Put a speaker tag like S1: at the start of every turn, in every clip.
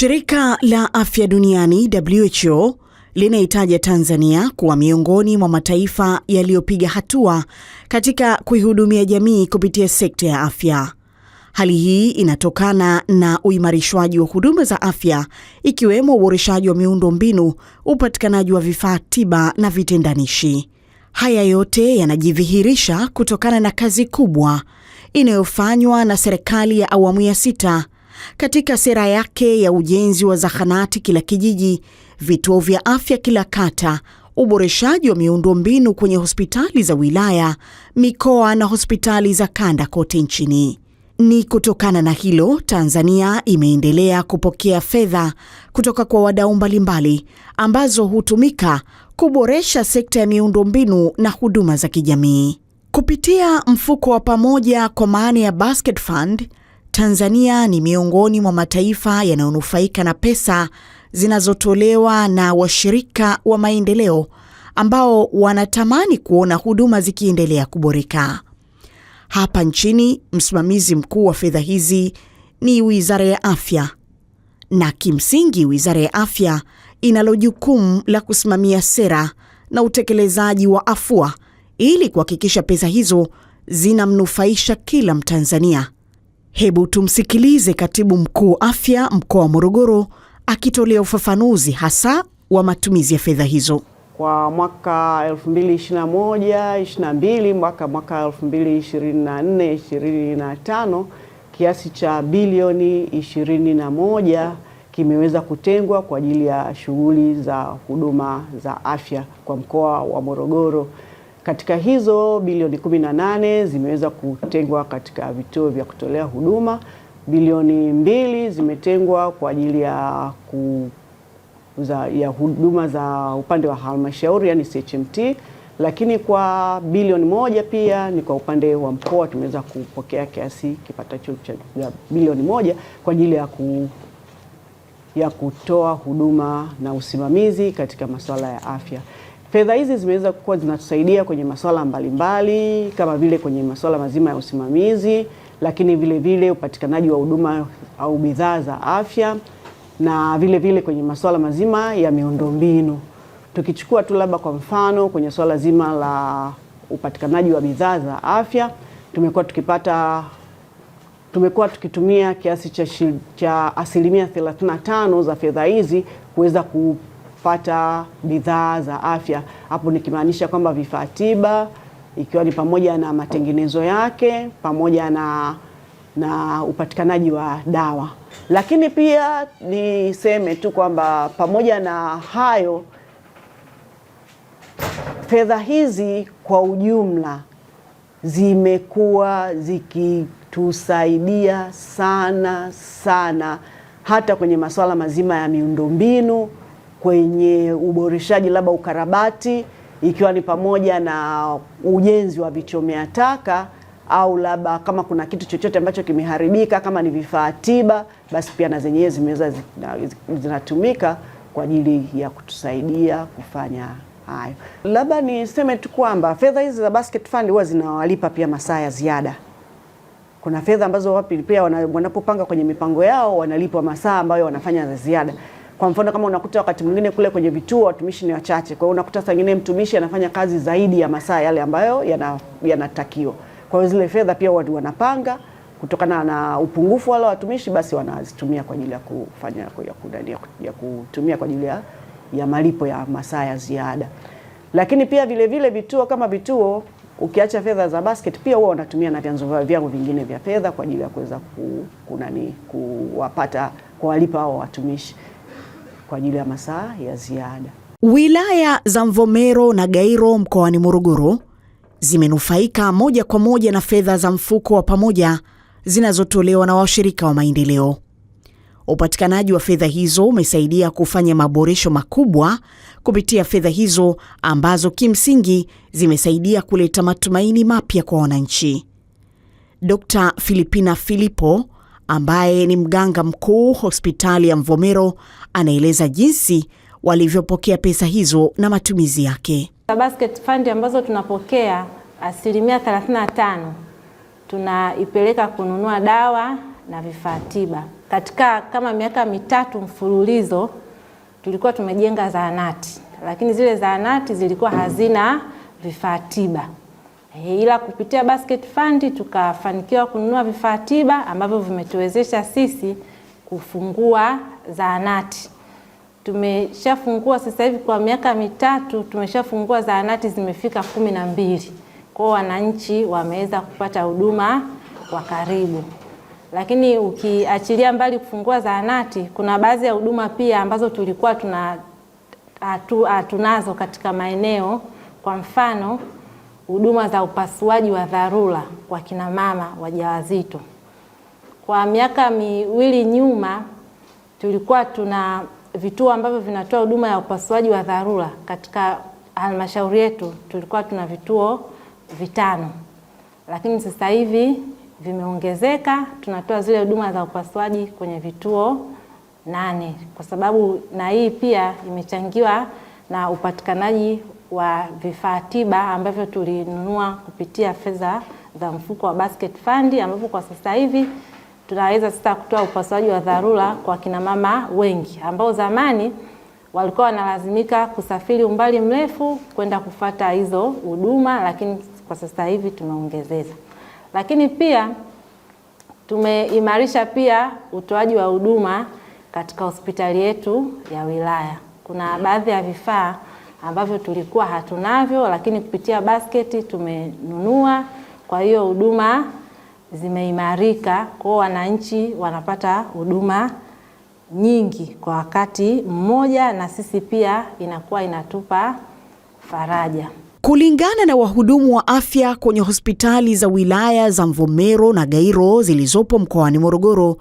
S1: Shirika la Afya Duniani WHO linaitaja Tanzania kuwa miongoni mwa mataifa yaliyopiga hatua katika kuihudumia jamii kupitia sekta ya afya. Hali hii inatokana na uimarishwaji wa huduma za afya ikiwemo uboreshaji wa miundo mbinu, upatikanaji wa vifaa tiba na vitendanishi. Haya yote yanajidhihirisha kutokana na kazi kubwa inayofanywa na serikali ya awamu ya sita katika sera yake ya ujenzi wa zahanati kila kijiji, vituo vya afya kila kata, uboreshaji wa miundombinu kwenye hospitali za wilaya, mikoa na hospitali za kanda kote nchini. Ni kutokana na hilo Tanzania imeendelea kupokea fedha kutoka kwa wadau mbalimbali ambazo hutumika kuboresha sekta ya miundombinu na huduma za kijamii. Kupitia mfuko wa pamoja kwa maana ya basket fund, Tanzania ni miongoni mwa mataifa yanayonufaika na pesa zinazotolewa na washirika wa maendeleo ambao wanatamani kuona huduma zikiendelea kuboreka. Hapa nchini, msimamizi mkuu wa fedha hizi ni Wizara ya Afya, na kimsingi Wizara ya Afya inalo jukumu la kusimamia sera na utekelezaji wa afua ili kuhakikisha pesa hizo zinamnufaisha kila Mtanzania. Hebu tumsikilize katibu mkuu afya mkoa wa Morogoro akitolea ufafanuzi hasa wa matumizi ya fedha hizo
S2: kwa mwaka 2021 22 mpaka mwaka 2024 25 kiasi cha bilioni 21 kimeweza kutengwa kwa ajili ya shughuli za huduma za afya kwa mkoa wa Morogoro. Katika hizo bilioni 18 zimeweza kutengwa katika vituo vya kutolea huduma, bilioni mbili zimetengwa kwa ajili ya ku za, ya huduma za upande wa halmashauri yani CHMT, lakini kwa bilioni moja pia ni kwa upande wa mkoa tumeweza kupokea kiasi kipatacho cha bilioni moja kwa ajili ya, ku, ya kutoa huduma na usimamizi katika masuala ya afya. Fedha hizi zimeweza kuwa zinatusaidia kwenye masuala mbalimbali kama vile kwenye masuala mazima ya usimamizi, lakini vile vile upatikanaji wa huduma au bidhaa za afya na vile vile kwenye masuala mazima ya miundombinu. Tukichukua tu labda kwa mfano kwenye swala zima la upatikanaji wa bidhaa za afya tumekuwa tukipata tumekuwa tukitumia kiasi cha, cha asilimia 35 za fedha hizi kuweza ku kupata bidhaa za afya. Hapo nikimaanisha kwamba vifaa tiba ikiwa ni pamoja na matengenezo yake pamoja na na upatikanaji wa dawa. Lakini pia niseme tu kwamba pamoja na hayo, fedha hizi kwa ujumla zimekuwa zikitusaidia sana sana, hata kwenye masuala mazima ya miundombinu kwenye uboreshaji labda ukarabati, ikiwa ni pamoja na ujenzi wa vichomea taka au labda kama kuna kitu chochote ambacho kimeharibika, kama ni vifaa tiba, basi pia na zenyewe zimeweza zinatumika kwa ajili ya kutusaidia kufanya hayo. Labda niseme tu kwamba fedha hizi za basket fund huwa zinawalipa pia masaa ya ziada. Kuna fedha ambazo wapi pia wanapopanga kwenye mipango yao wanalipwa masaa ambayo wanafanya za ziada. Kwa mfano kama unakuta wakati mwingine kule kwenye vituo watumishi ni wachache, kwa hiyo unakuta saa nyingine mtumishi anafanya kazi zaidi ya masaa yale ambayo yanatakiwa yana, kwa hiyo zile fedha pia watu wanapanga kutokana na upungufu wala watumishi, basi wanazitumia kwa ajili ya kufanya ya kudania, ya kutumia kwa ajili ya, ya malipo ya masaa ya ziada. Lakini pia vile vile vituo kama vituo ukiacha fedha za basket pia huwa wanatumia na vyanzo vyao vingine vya fedha kwa ajili ya kuweza kunani kuwapata kuwalipa hao watumishi kwa ajili ya masaa ya ziada.
S1: Wilaya za Mvomero na Gairo mkoani Morogoro zimenufaika moja kwa moja na fedha za mfuko wa pamoja zinazotolewa na washirika wa maendeleo. Upatikanaji wa fedha hizo umesaidia kufanya maboresho makubwa kupitia fedha hizo ambazo kimsingi zimesaidia kuleta matumaini mapya kwa wananchi. Dkt. Filipina Filipo ambaye ni mganga mkuu hospitali ya Mvomero anaeleza jinsi walivyopokea pesa hizo na matumizi yake.
S3: Basket fund ambazo tunapokea asilimia 35 tunaipeleka kununua dawa na vifaa tiba. Katika kama miaka mitatu mfululizo tulikuwa tumejenga zahanati, lakini zile zahanati zilikuwa hazina vifaa tiba ila kupitia basket fund tukafanikiwa kununua vifaa tiba ambavyo vimetuwezesha sisi kufungua zahanati. Tumeshafungua sasa hivi kwa miaka mitatu tumeshafungua zahanati zimefika kumi na mbili. Kwa hiyo wananchi wameweza kupata huduma kwa karibu, lakini ukiachilia mbali kufungua zahanati, kuna baadhi ya huduma pia ambazo tulikuwa tuna hatu, hatunazo katika maeneo, kwa mfano huduma za upasuaji wa dharura kwa kina mama wajawazito. Kwa miaka miwili nyuma, tulikuwa tuna vituo ambavyo vinatoa huduma ya upasuaji wa dharura katika halmashauri yetu, tulikuwa tuna vituo vitano, lakini sasa hivi vimeongezeka, tunatoa zile huduma za upasuaji kwenye vituo nane, kwa sababu na hii pia imechangiwa na upatikanaji wa vifaa tiba ambavyo tulinunua kupitia fedha za mfuko wa basket fund, ambapo kwa sasa hivi tunaweza sasa kutoa upasuaji wa dharura kwa kina mama wengi ambao zamani walikuwa wanalazimika kusafiri umbali mrefu kwenda kufata hizo huduma, lakini kwa sasa hivi tumeongezeza. Lakini pia tumeimarisha pia utoaji wa huduma katika hospitali yetu ya wilaya. Kuna baadhi ya vifaa ambavyo tulikuwa hatunavyo, lakini kupitia basketi tumenunua. Kwa hiyo huduma zimeimarika, kwa wananchi wanapata huduma nyingi kwa wakati mmoja, na sisi pia inakuwa inatupa faraja.
S1: Kulingana na wahudumu wa afya kwenye hospitali za wilaya za Mvomero na Gairo zilizopo mkoani Morogoro,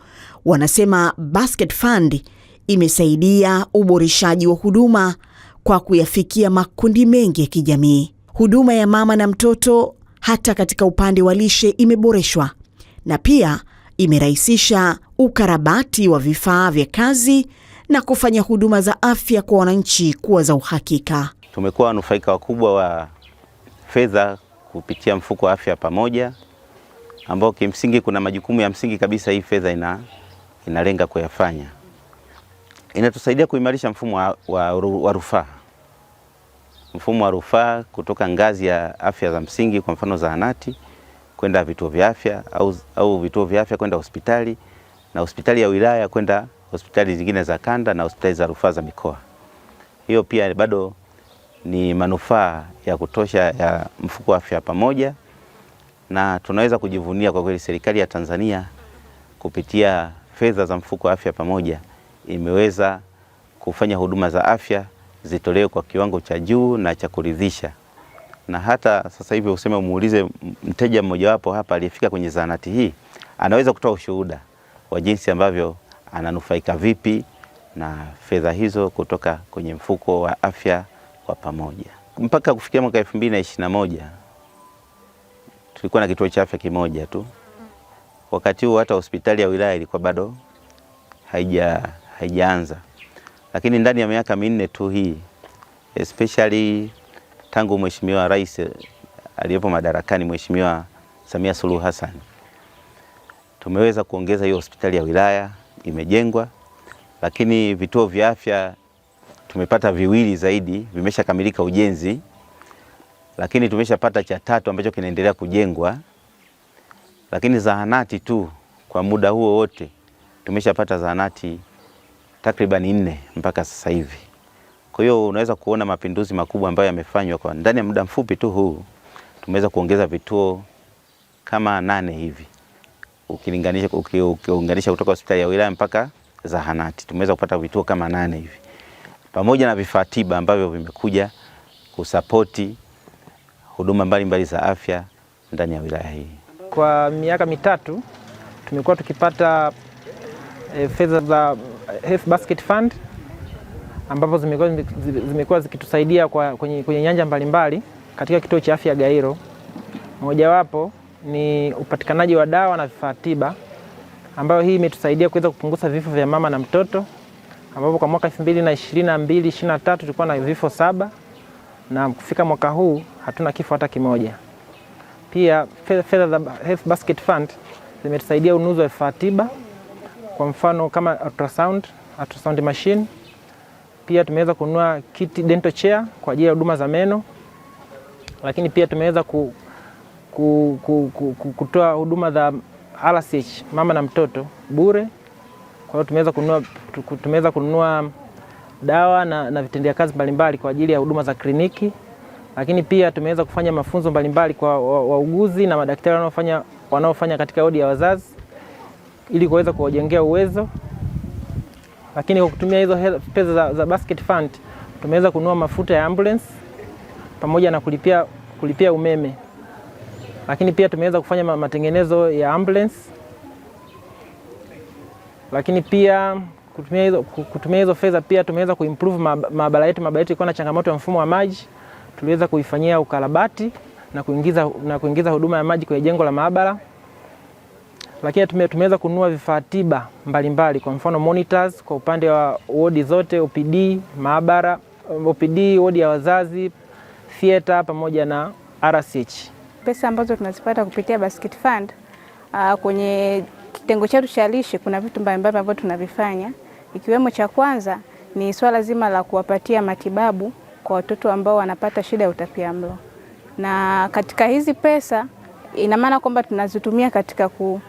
S1: wanasema Basket Fund imesaidia uboreshaji wa huduma kwa kuyafikia makundi mengi ya kijamii. Huduma ya mama na mtoto hata katika upande wa lishe imeboreshwa na pia imerahisisha ukarabati wa vifaa vya kazi na kufanya huduma za afya kwa wananchi kuwa za uhakika.
S4: Tumekuwa wanufaika wakubwa wa fedha kupitia mfuko wa afya pamoja, ambao kimsingi kuna majukumu ya msingi kabisa hii fedha ina, inalenga kuyafanya. Inatusaidia kuimarisha mfumo wa, wa, wa rufaa mfumo wa rufaa kutoka ngazi ya afya za msingi, kwa mfano zahanati kwenda vituo vya afya au, au vituo vya afya kwenda hospitali na hospitali ya wilaya kwenda hospitali zingine za kanda na hospitali za rufaa za mikoa. Hiyo pia bado ni manufaa ya kutosha ya mfuko wa afya pamoja, na tunaweza kujivunia kwa kweli serikali ya Tanzania kupitia fedha za mfuko wa afya pamoja imeweza kufanya huduma za afya zitolewe kwa kiwango cha juu na cha kuridhisha. Na hata sasa hivi useme, umuulize mteja mmojawapo hapa aliyefika kwenye zahanati hii, anaweza kutoa ushuhuda wa jinsi ambavyo ananufaika vipi na fedha hizo kutoka kwenye mfuko wa afya kwa pamoja. Mpaka kufikia mwaka elfu mbili na ishirini na moja tulikuwa na kituo cha afya kimoja tu. Mm-hmm. Wakati huo hata hospitali ya wilaya ilikuwa bado haija haijaanza, lakini ndani ya miaka minne tu hii especially tangu Mheshimiwa Rais aliyepo madarakani, Mheshimiwa Samia Suluhu Hassan, tumeweza kuongeza hiyo hospitali ya wilaya imejengwa, lakini vituo vya afya tumepata viwili zaidi, vimeshakamilika ujenzi, lakini tumeshapata cha tatu ambacho kinaendelea kujengwa, lakini zahanati tu kwa muda huo wote tumeshapata zahanati takriban nne mpaka sasa hivi. Kwa hiyo unaweza kuona mapinduzi makubwa ambayo yamefanywa kwa ndani ya muda mfupi tu huu. Tumeweza kuongeza vituo kama nane hivi ukilinganisha ukiunganisha kutoka hospitali ya wilaya mpaka zahanati, tumeweza kupata vituo kama nane hivi pamoja na vifaa tiba ambavyo vimekuja kusapoti huduma mbalimbali za afya ndani ya wilaya hii.
S5: Kwa miaka mitatu tumekuwa tukipata e, fedha za Health Basket Fund ambapo zimekuwa zimekuwa zikitusaidia kwa kwenye, kwenye nyanja mbalimbali katika kituo cha afya Gairo. Mojawapo ni upatikanaji wa dawa na vifaa tiba, ambayo hii imetusaidia kuweza kupunguza vifo vya mama na mtoto, ambapo kwa mwaka 2022 23 tulikuwa na vifo saba na kufika mwaka huu hatuna kifo hata kimoja. Pia fedha za Health Basket Fund zimetusaidia ununuzi wa vifaa tiba kwa mfano kama ultrasound, ultrasound machine. Pia tumeweza kununua kiti dental chair kwa ajili ya huduma za meno, lakini pia tumeweza ku, ku, ku, ku, ku, kutoa huduma za RCH mama na mtoto bure. Kwa hiyo tumeweza kununua tumeweza kununua dawa na, na vitendea kazi mbalimbali kwa ajili ya huduma za kliniki, lakini pia tumeweza kufanya mafunzo mbalimbali kwa wauguzi na madaktari wanaofanya, wanaofanya katika wodi ya wazazi ili kuweza kuwajengea uwezo, lakini kwa kutumia hizo pesa za, za basket fund tumeweza kununua mafuta ya ambulance pamoja na kulipia, kulipia umeme, lakini pia tumeweza kufanya matengenezo ya ambulance, lakini pia kutumia hizo, kutumia hizo fedha pia tumeweza kuimprove maabara yetu. Maabara yetu ilikuwa na changamoto ya mfumo wa maji, tuliweza kuifanyia ukarabati na kuingiza, na kuingiza huduma ya maji kwenye jengo la maabara lakini tumeweza kununua vifaa tiba mbalimbali, kwa mfano monitors kwa upande wa wodi zote, OPD, maabara, OPD, wodi ya wazazi, theater pamoja na RCH.
S6: Pesa ambazo tunazipata kupitia basket fund ah, kwenye kitengo chetu cha lishe kuna vitu mbalimbali ambavyo tunavifanya, ikiwemo cha kwanza ni swala zima la kuwapatia matibabu kwa watoto ambao wanapata shida ya utapiamlo, na katika hizi pesa ina maana kwamba tunazitumia katika ku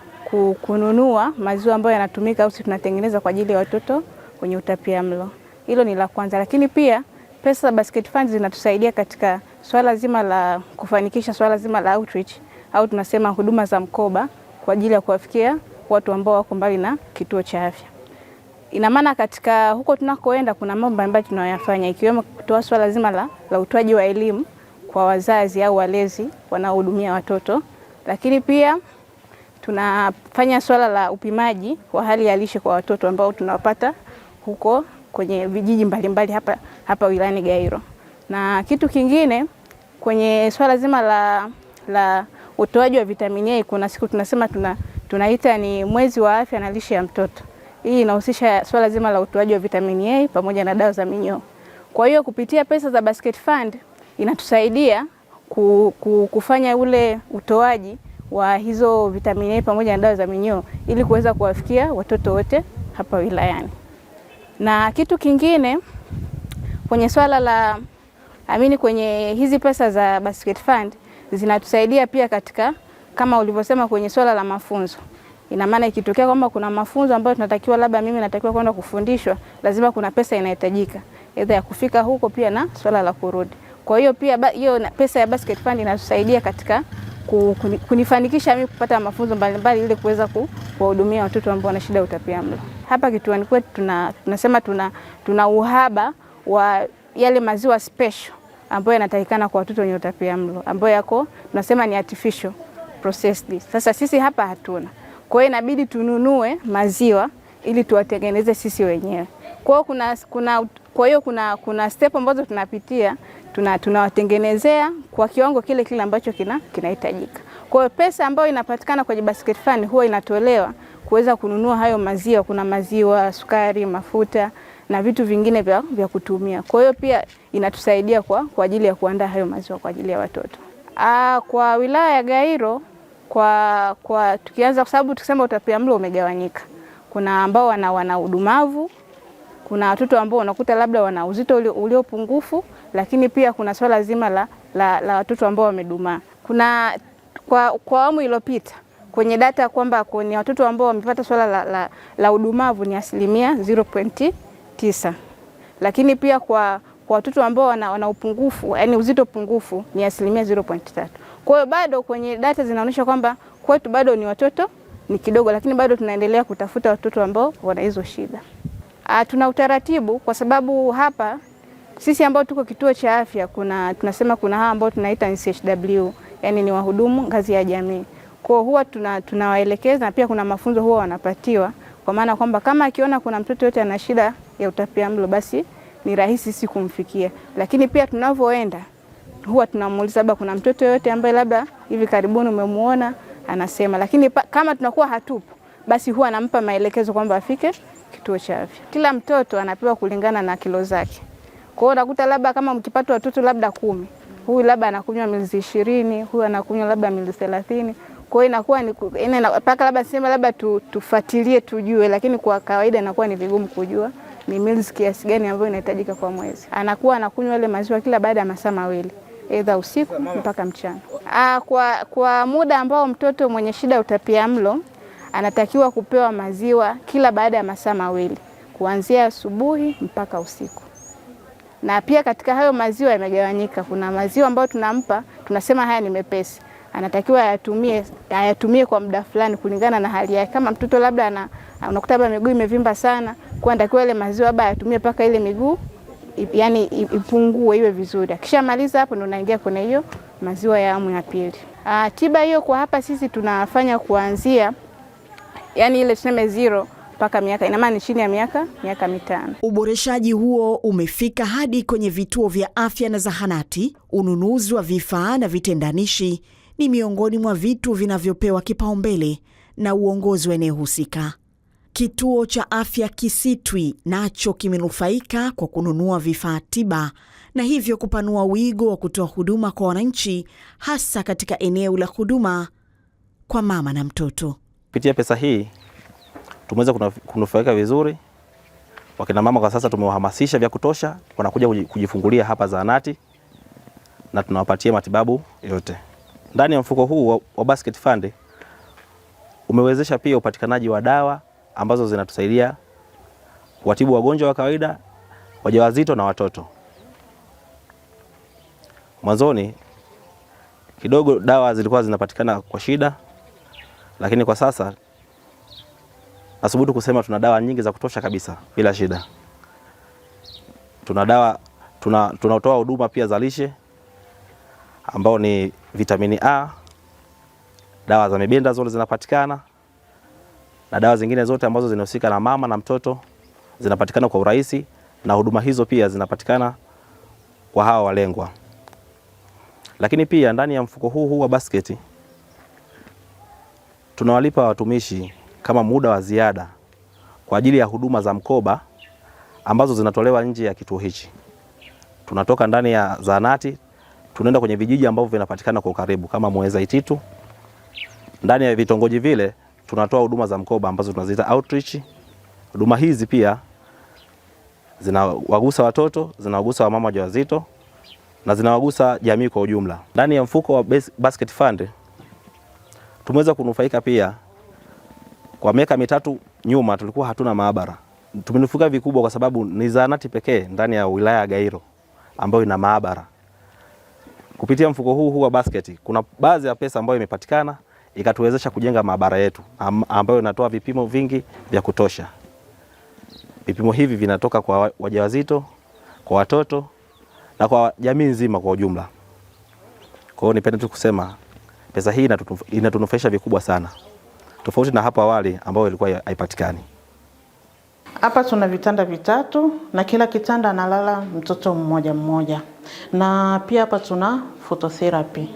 S6: kununua maziwa ambayo yanatumika au tunatengeneza kwa ajili ya watoto kwenye utapia mlo. Hilo ni la kwanza, lakini pia pesa za basket fund zinatusaidia katika swala zima la kufanikisha swala zima la outreach au tunasema huduma za mkoba kwa ajili ya kuwafikia watu ambao wako mbali na kituo cha afya. Ina maana katika huko tunakoenda kuna mambo mbalimbali tunayoyafanya ikiwemo kutoa swala zima la, la utoaji wa elimu kwa wazazi au walezi wanaohudumia watoto, lakini pia tunafanya swala la upimaji wa hali ya lishe kwa watoto ambao tunawapata huko kwenye vijiji mbalimbali hapa, hapa wilayani Gairo. Na kitu kingine kwenye swala zima la, la utoaji wa vitamini A kuna siku tunasema tuna, tunaita ni mwezi wa afya na lishe ya mtoto. Hii inahusisha swala zima la utoaji wa vitamini A pamoja na dawa za minyoo. Kwa hiyo kupitia pesa za basket fund inatusaidia kufanya ule utoaji wa hizo vitamini A pamoja na dawa za minyoo ili kuweza kuwafikia watoto wote hapa wilayani. Na kitu kingine kwenye swala la amini, kwenye hizi pesa za basket fund zinatusaidia pia katika kama ulivyosema kwenye swala la mafunzo. Ina maana ikitokea kwamba kuna mafunzo ambayo tunatakiwa labda mimi natakiwa kwenda kufundishwa, lazima kuna pesa inahitajika aidha ya kufika huko pia na swala la kurudi. Kwa hiyo pia hiyo pesa ya basket fund inatusaidia katika kunifanikisha mimi kupata mafunzo mbalimbali ili kuweza kuwahudumia watoto ambao wana shida ya utapiamlo. Hapa kituoni kwetu tuna, tunasema tuna, tuna uhaba wa yale maziwa special ambayo yanatakikana kwa watoto wenye utapiamlo ambayo yako tunasema ni artificial processed. Sasa sisi hapa hatuna, kwa hiyo inabidi tununue maziwa ili tuwatengeneze sisi wenyewe. Kwa hiyo kuna, kuna, kwa hiyo kuna, kuna step ambazo tunapitia tunawatengenezea tuna kwa kiwango kile kile ambacho kinahitajika. Kwa hiyo pesa ambayo inapatikana kwenye basket fund huwa inatolewa kuweza kununua hayo maziwa. Kuna maziwa, sukari, mafuta na vitu vingine vya, vya kutumia. Kwa hiyo pia inatusaidia kwa, kwa ajili ya kuandaa hayo maziwa kwa ajili ya watoto. Aa, ah, kwa wilaya ya Gairo kwa, kwa tukianza kwa sababu tukisema utapiamlo umegawanyika, kuna ambao wana, wana udumavu kuna watoto ambao unakuta labda wana uzito ulio pungufu, lakini pia kuna swala zima la, la, la watoto ambao wamedumaa. Kuna kwa, kwa awamu iliyopita kwenye data kwamba kwenye watoto ambao wamepata swala la, la, la udumavu ni asilimia 0.9, lakini pia kwa kwa watoto ambao wana, wana upungufu yani uzito pungufu ni asilimia 0.3. Kwa hiyo bado kwenye data zinaonyesha kwamba kwetu bado ni watoto ni kidogo, lakini bado tunaendelea kutafuta watoto ambao wana hizo shida. A, ah, tuna utaratibu kwa sababu hapa sisi ambao tuko kituo cha afya kuna tunasema kuna hawa ambao tunaita NCHW, yani ni wahudumu ngazi ya jamii. Kwa hiyo huwa tunawaelekeza tuna na pia kuna mafunzo huwa wanapatiwa kwa maana kwamba kama akiona kuna mtoto yote ana shida ya utapia mlo basi ni rahisi sisi kumfikia, lakini pia tunavyoenda huwa tunamuuliza baba kuna mtoto yote ambaye labda hivi karibuni umemuona anasema, lakini pa, kama tunakuwa hatupo basi huwa anampa maelekezo kwamba afike kituo cha afya. Kila mtoto anapewa kulingana na kilo zake. Kwa hiyo unakuta labda kama mkipata watoto labda kumi, huyu labda anakunywa milizi ishirini, huyu anakunywa labda milizi thelathini. Kwa hiyo inakuwa ni mpaka labda sema labda tufuatilie tujue, lakini kwa kawaida inakuwa ni vigumu kujua ni milizi kiasi gani ambayo inahitajika kwa mwezi. Anakuwa anakunywa ile maziwa kila baada ya masaa mawili edha usiku mpaka mchana. Aa, ah, kwa, kwa muda ambao mtoto mwenye shida utapia mlo anatakiwa kupewa maziwa kila baada ya masaa mawili kuanzia asubuhi mpaka usiku. Na pia katika hayo maziwa yamegawanyika, kuna maziwa ambayo tunampa tunasema haya ni mepesi, anatakiwa ayatumie, ayatumie kwa muda fulani kulingana na hali yake. Kama mtoto labda ana unakuta labda miguu imevimba sana, kwa anatakiwa ile maziwa labda ayatumie mpaka ile miguu yani ipungue iwe vizuri. Akishamaliza hapo, ndo naingia kwenye hiyo maziwa ya amu ya pili. Ah, tiba hiyo kwa hapa sisi tunafanya kuanzia yani ile tuseme zero mpaka miaka ina maana chini ya miaka miaka mitano.
S1: Uboreshaji huo umefika hadi kwenye vituo vya afya na zahanati. Ununuzi wa vifaa na vitendanishi ni miongoni mwa vitu vinavyopewa kipaumbele na uongozi wa eneo husika. Kituo cha afya Kisitwi nacho kimenufaika kwa kununua vifaa tiba na hivyo kupanua wigo wa kutoa huduma kwa wananchi, hasa katika eneo la huduma kwa mama na mtoto.
S7: Kupitia pesa hii tumeweza kunufaika vizuri. Wakina mama kwa sasa tumewahamasisha vya kutosha, wanakuja kujifungulia hapa zahanati na tunawapatia matibabu yote. Ndani ya mfuko huu wa basket fund umewezesha pia upatikanaji wa dawa ambazo zinatusaidia kuwatibu wagonjwa wa kawaida, wajawazito na watoto. Mwanzoni kidogo dawa zilikuwa zinapatikana kwa shida lakini kwa sasa nasubutu kusema tuna dawa nyingi za kutosha kabisa bila shida. Tuna dawa tunatoa tuna huduma pia za lishe ambao ni vitamini A, dawa za mibenda zote zinapatikana na dawa zingine zote ambazo zinahusika na mama na mtoto zinapatikana kwa urahisi, na huduma hizo pia zinapatikana kwa hawa walengwa. Lakini pia ndani ya mfuko huu huu wa basketi tunawalipa watumishi kama muda wa ziada kwa ajili ya huduma za mkoba ambazo zinatolewa nje ya kituo hichi. Tunatoka ndani ya zahanati tunaenda kwenye vijiji ambavyo vinapatikana kwa karibu kama Muheza Ititu. Ndani ya vitongoji vile tunatoa huduma za mkoba ambazo tunaziita outreach. Huduma hizi pia zinawagusa watoto, zinawagusa wamama wajawazito na zinawagusa jamii kwa ujumla. Ndani ya mfuko wa basket fund tumeweza kunufaika pia. Kwa miaka mitatu nyuma tulikuwa hatuna maabara, tumenufaika vikubwa kwa sababu ni zahanati pekee ndani ya wilaya ya Gairo ambayo ina maabara. Kupitia mfuko huu huu wa basket, kuna baadhi ya pesa ambayo imepatikana ikatuwezesha kujenga maabara yetu ambayo inatoa vipimo vingi vya kutosha. Vipimo hivi vinatoka kwa wajawazito, kwa watoto na kwa jamii nzima kwa ujumla. Kwa hiyo nipende tu kusema Pesa hii inatunufaisha vikubwa sana, tofauti na hapo awali ambayo ilikuwa haipatikani.
S2: Hapa tuna vitanda vitatu na kila kitanda analala mtoto mmoja mmoja, na pia hapa tuna phototherapy,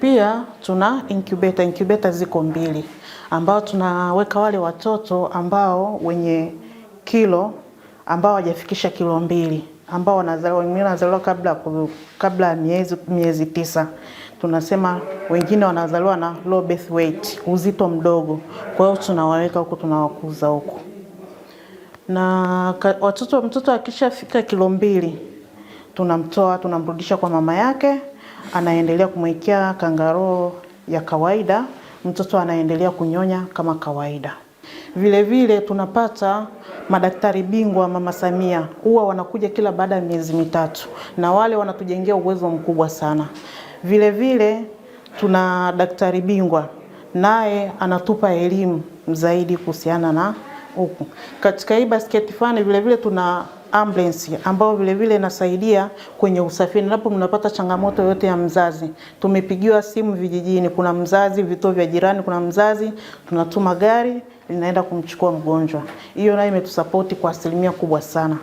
S2: pia tuna incubator. Incubator ziko mbili, ambao tunaweka wale watoto ambao wenye kilo ambao hawajafikisha kilo mbili, ambao wanazaliwa kabla ya miezi, miezi tisa tunasema wengine wanazaliwa na low birth weight, uzito mdogo. Kwa hiyo tunawaweka huko, tunawakuza huko, na watoto mtoto akishafika kilo mbili tunamtoa, tunamrudisha kwa mama yake, anaendelea kumwekea kangaroo ya kawaida, mtoto anaendelea kunyonya kama kawaida. Vilevile vile, tunapata madaktari bingwa Mama Samia, huwa wanakuja kila baada ya miezi mitatu, na wale wanatujengea uwezo mkubwa sana. Vile vile tuna daktari bingwa naye anatupa elimu zaidi kuhusiana na huku. Katika hii basket fan. Vile vile tuna ambulance ambayo vile vile inasaidia kwenye usafiri, napo mnapata changamoto yote ya mzazi. Tumepigiwa simu vijijini, kuna mzazi, vituo vya jirani kuna mzazi, tunatuma gari linaenda kumchukua mgonjwa. Hiyo nayo imetusapoti kwa asilimia kubwa sana,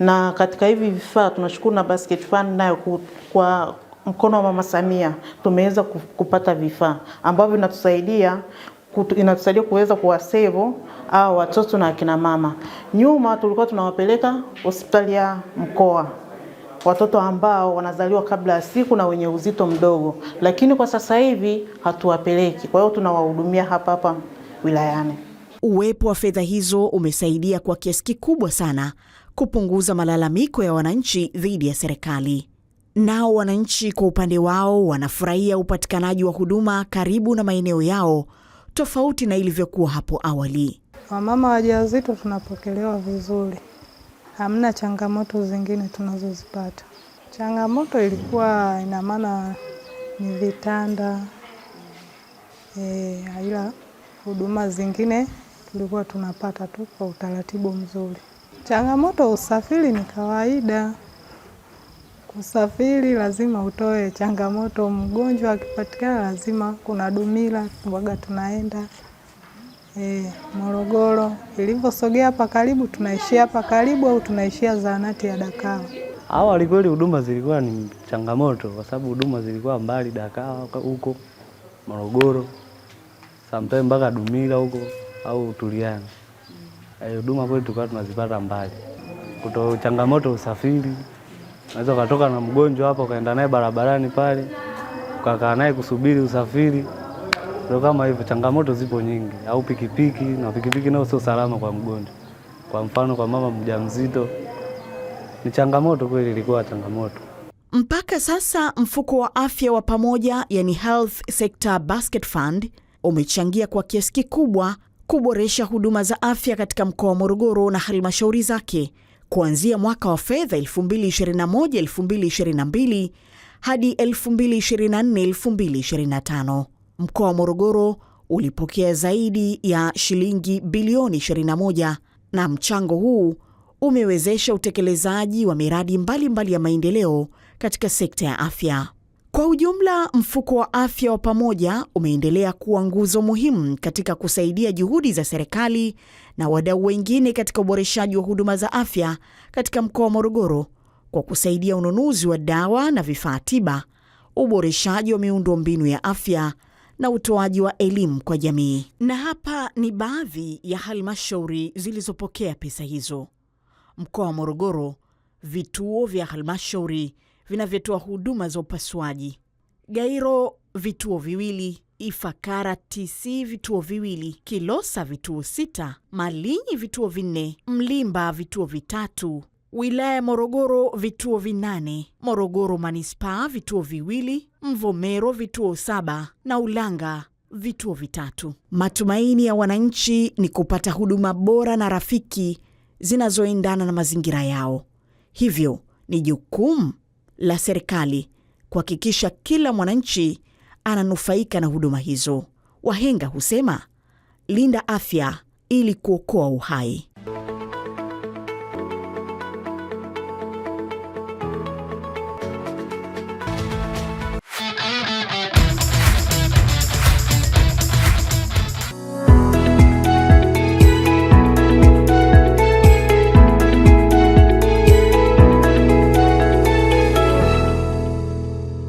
S2: na katika hivi vifaa tunashukuru na basket fan nayo kwa mkono wa Mama Samia tumeweza kupata vifaa ambavyo inatusaidia inatusaidia kuweza kuwasevo au watoto na akina mama. Nyuma tulikuwa tunawapeleka hospitali ya mkoa watoto ambao wanazaliwa kabla ya siku na wenye uzito mdogo, lakini kwa sasa hivi hatuwapeleki. Kwa hiyo tunawahudumia hapa hapa wilayani.
S1: Uwepo wa fedha hizo umesaidia kwa kiasi kikubwa sana kupunguza malalamiko ya wananchi dhidi ya serikali. Nao wananchi kwa upande wao wanafurahia upatikanaji wa huduma karibu na maeneo yao tofauti na ilivyokuwa hapo awali.
S8: Wamama wajawazito tunapokelewa vizuri, hamna changamoto zingine tunazozipata. Changamoto ilikuwa ina maana ni vitanda e, ila huduma zingine tulikuwa tunapata tu kwa utaratibu mzuri. Changamoto usafiri ni kawaida usafiri lazima utoe changamoto. Mgonjwa akipatikana lazima kuna dumila waga tunaenda e, Morogoro. Ilivyosogea hapa karibu, tunaishia hapa karibu au tunaishia zahanati ya Dakawa.
S9: Awali kweli huduma zilikuwa ni changamoto, kwa sababu huduma zilikuwa mbali, Dakawa huko Morogoro, sometimes mpaka dumila huko au tuliana eh, Huduma kweli tulikuwa tunazipata mbali, kutoa changamoto usafiri Unaweza ukatoka na mgonjwa hapa ukaenda naye barabarani pale ukakaa naye kusubiri usafiri, ndio kama hivyo. Changamoto zipo nyingi, au pikipiki, na pikipiki nayo sio salama kwa mgonjwa, kwa mfano kwa mama mjamzito. Ni changamoto kweli, ilikuwa changamoto.
S1: Mpaka sasa mfuko wa afya wa pamoja, yani Health Sector Basket Fund, umechangia kwa kiasi kikubwa kuboresha huduma za afya katika mkoa wa Morogoro na halmashauri zake kuanzia mwaka wa fedha 2021-2022 hadi 2024-2025. Mkoa wa Morogoro ulipokea zaidi ya shilingi bilioni 21 na mchango huu umewezesha utekelezaji wa miradi mbalimbali mbali ya maendeleo katika sekta ya afya. Kwa ujumla, mfuko wa afya wa pamoja umeendelea kuwa nguzo muhimu katika kusaidia juhudi za serikali na wadau wengine katika uboreshaji wa huduma za afya katika mkoa wa Morogoro kwa kusaidia ununuzi wa dawa na vifaa tiba, uboreshaji wa miundombinu ya afya na utoaji wa elimu kwa jamii. Na hapa ni baadhi ya halmashauri zilizopokea pesa hizo. Mkoa wa Morogoro, vituo vya halmashauri vinavyotoa huduma za upasuaji. Gairo vituo viwili, Ifakara TC vituo viwili, Kilosa vituo sita, Malinyi vituo vinne, Mlimba vituo vitatu, wilaya ya Morogoro vituo vinane, Morogoro manispaa vituo viwili, Mvomero vituo saba na Ulanga vituo vitatu. Matumaini ya wananchi ni kupata huduma bora na rafiki zinazoendana na mazingira yao, hivyo ni jukumu la serikali kuhakikisha kila mwananchi ananufaika na huduma hizo. Wahenga husema linda afya ili kuokoa uhai.